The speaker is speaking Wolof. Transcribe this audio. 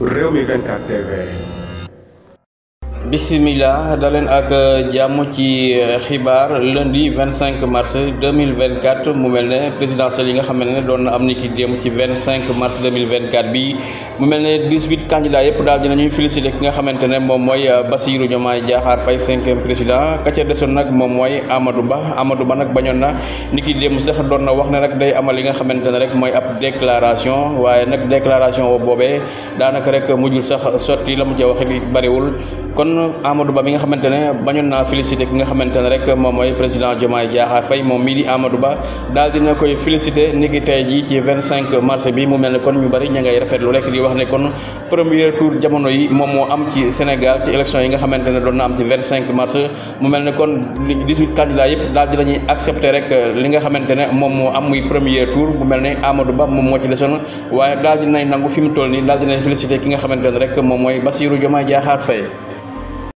Rewmi 24 TV bismillah daleen ak jàmm ci xibaar eh, lundi 25 mars 2024 mu mel ne présidentielle yi nga xam ne doon am ni ki démb ci 25 mars 2024 bi mu mel ne 18 candidats yëpp daal dinañuy félicité ki nga xamante ne moom mooy eh, Bassirou Diomaye Diakhar Faye cinquième président ka ca desoon nag moom mooy Amadou Ba Amadou Ba nag bañoon na ni ki démb sax doon na wax ne rek day amal li nga xamante rek mooy ab déclaration waaye nag déclaration boobee daanaka rek mujjul sax sotti la mu ca waxit bariwul kon Amadou Ba mi nga xamante ne bañoon naa félicité ki nga xamante ne rek moom mooy président Diomaye Diakhar Faye moom mii di Amadou Ba daal dina koy félicité ni ki tey jii ci vingt cinq mars bi mu mel ne kon ñu bëri ña ngay rafetlu rek di wax ne kon premier tour jamono yi moom moo am ci Sénégal ci élection yi nga xamante ne doon na am ci vingt cinq mars mu mel ne kon dix huit candidats yëpp daal di lañuy accepté rek li nga xamante ne moom moo am muy premier tour bu mel ne Amadou Ba moom moo ci desoon waaye daal dinay nangu fi mu toll nii daal dinay félicité ki nga xamante ne rek moom mooy Bassirou Diomaye Diakhar Faye